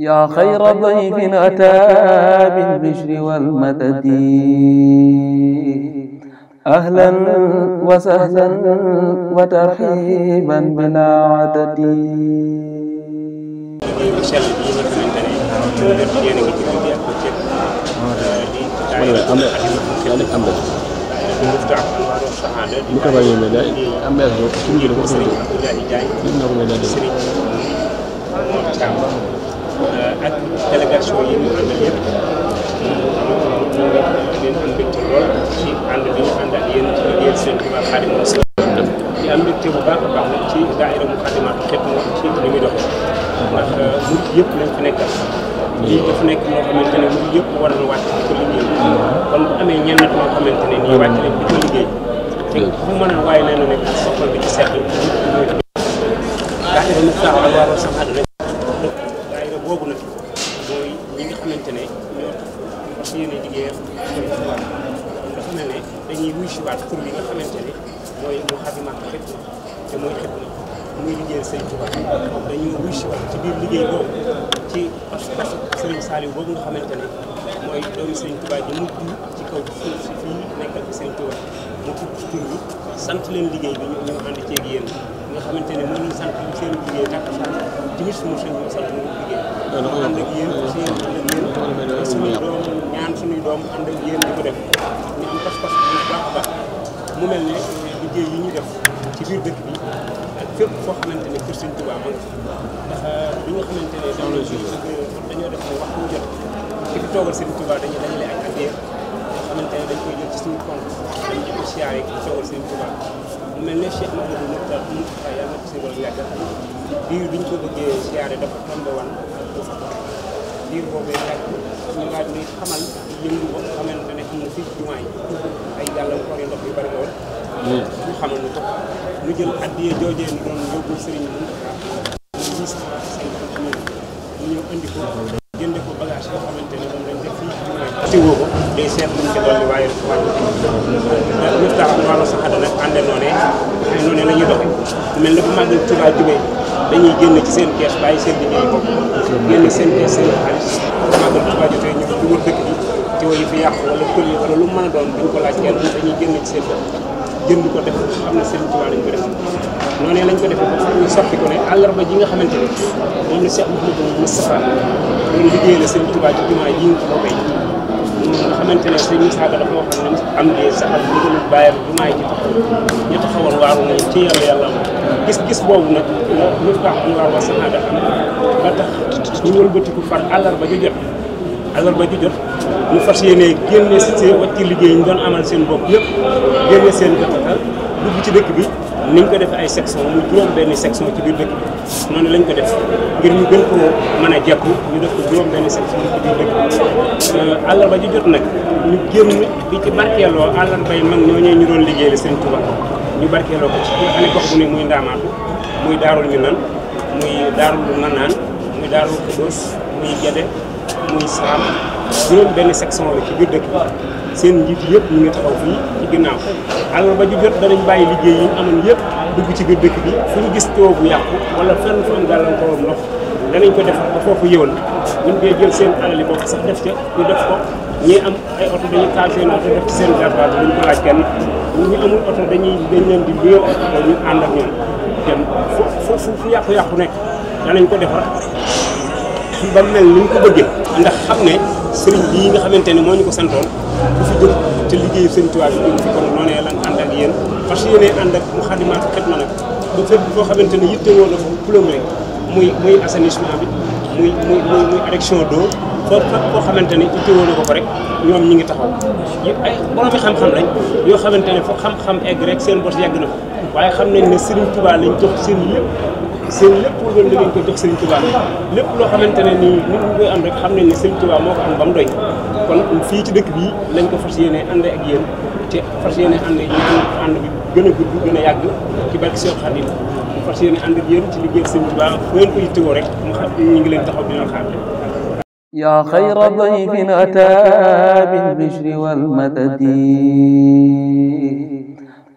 yaa xayra dayfin ataa bil bishri wal madadi ahlan wa sahlan wa tarxiiban bilaa adadi. am ak délégation yi mu àndal yëpp ñu leen am mbégte lool ci ànd bi ñu àndal yéen ci liggéeyal seen Tuubaa Xaadimu Rasuul di am mbégte bu baax a baax nag ci daayira mu xadimaat xet moom ci li muy dox ndax euh, murid yëpp lañ fi nekkal lii dafa nekk loo xamante ne murid yëpp war na wàcc di ko liggéey kon bu amee ñenn nag loo xamante ne nii wàcc nañ di ko liggéey te bu mën a waaye leen nekk soxla bi ci sedd daayira mu taxaw ak waa sax dañuy wuy si waat pour yi nga xamante ne mooy mu xadimaat xëpp na te mooy xëpp na muy liggéeyal Sëriñ Tuuba dañuy wuy si ci biir liggéey boobu ci pas-pas Sëriñ Saliou boobu nga xamante ne mooy doomu Sëriñ Tuuba ji mujj ci kaw suuf si fii nekkal fi Sëriñ Tuuba mu tudd tur bi sant leen liggéey bi ñu ñu ànd yéen nga xamante ne mën nañu sant seen liggéey takkusaan timis mu seen sant mu liggéey ànd ak yéen si yéen ànd doom ñaan suñuy a baax mu mel liggéey yi ñu def ci biir dëkk bi ak fépp foo xamante ne kër Sëñ Tuubaa ma ndax li euh, nga xamante ne dañoo def ne waxtu jot ci fi nga xamante ne dañ koy jël ci suñu compte dañ ko siyaare ci toogal Sëñ Tuubaa mel ne Cheikh Mamadou Mokhtar Moustapha ko bi ko bëggee siyaare dafa tombé wan ak bu fa diir boobu yàgg ñu laaj ñuy xamal yëngu ba xamante ne am na fii jumaa yi ay gàllankoor yu ndox yu ko ñu jël addiye joojee ñu doon yóbbu sëriñ Moustapha ñu gis indi ko jënde yoo xamante ne moom lañ def fii jumaa yi. ci woo ko day seet luñ ci dolli waaye wàññi ko. ndax Moustapha nag ànde noonu la ñuy doxee mel na bu màggal Tuuba jubee dañuy génn ci seen kees bàyyi seen liggéey bopp génn seen kees seen xaalis bu fi yàqu yi lu mën doon duñ ko laaj kenn dañuy génn ci seen bopp ko def xam ne lañ ko def noonu lañ ko defee ba ko ne àllarba ji nga xamante ne moom la Cheikh Mouhamadou Moustapha liggéey la seen Tuuba ci jumaa ji ñu ko béy xamante ne sëñ Moussa Ba dafa waxoon ne am di saxal ndigalul bàyyam jumaa ji taxaw ñu taxawal waaru moom gis-gis boobu nag lu tax am waar wa saxaada am ba tax ñu wëlbatiku far àllarba ju jot fas yéene génne seen wàcci liggéey ñu doon amal seen bopp yëpp génne seen ci dëkk bi ni ko defee ay section mu juróom benn section ci biir dëkk bi noonu lañ ko def ngir ñu gën koo mën a jàpp ñu def ko juróom benn section ci biir dëkk euh, àllarba ji jot nag ñu génn di ci barkeeloo àllarba yi mag ñoo ñee ñu doon liggéeyal seen Touba ñu barkeeloo ko ci nga xam ne gox bu ne muy ndaamaatu muy daarul ñu nan muy daarul lu nanaan muy daarul Kudus muy Gede muy Saam juróom benn section la ci biir dëkk seen njiit yëpp ñu ngi taxaw fii ci ginnaaw àllarba ji jot danañ bàyyi liggéey yi ñu amoon yëpp dugg ci biir dëkk bi fu ñu gis taux bu yàqu wala fenn fu am gàllankoor ndox danañ ko defar ba foofu yëwal buñ koy jël seen alali bopp sax def ca ñu am ay oto dañuy casier ci seen garage duñ ko laaj kenn ñu amul oto dañuy dañ leen di luyoo oto dañuy ànd ak ñoom dem foofu fu yàqu-yàqu nekk danañ ko defar ba mel ni ñu ko bëggee ndax xam ne sëriñ bii nga xamante ne moo ñu ko santoon du fi jóg te liggéey sëñ Tuubaa bi ñu fi kon noonee lan ànd ak yéen parce que yéenee ànd ak Moukhaddamatoul Khidma nag ba fépp foo xamante ne yitte woon na fa problème rek muy muy assainissement xamante ne itte woon na ko ko ñoom ñi ngi taxaw ay borom xam-xam lañ yoo xamante ne foo xam-xam egg rek seen bos yàgg na fa waaye xam nañ ne Sëriñ Tuubaa lañ jox seen yëpp seen lépp doon lépp loo xamante nii nit ñi koy am rek xam nañ ne Serigne Touba moo ko am ba doy kon fii ci dëkk bii lañ ko fas yéene ànd ak yéen te fas yéene ànd yéen ànd bi gën a gudd gën a yàgg ci barke Seex Xaadim fas yéene ànd ak yéen ci liggéey Serigne Touba fu ngeen ko yittewoo rek mu xam ñu ngi leen yaa xayra dayfin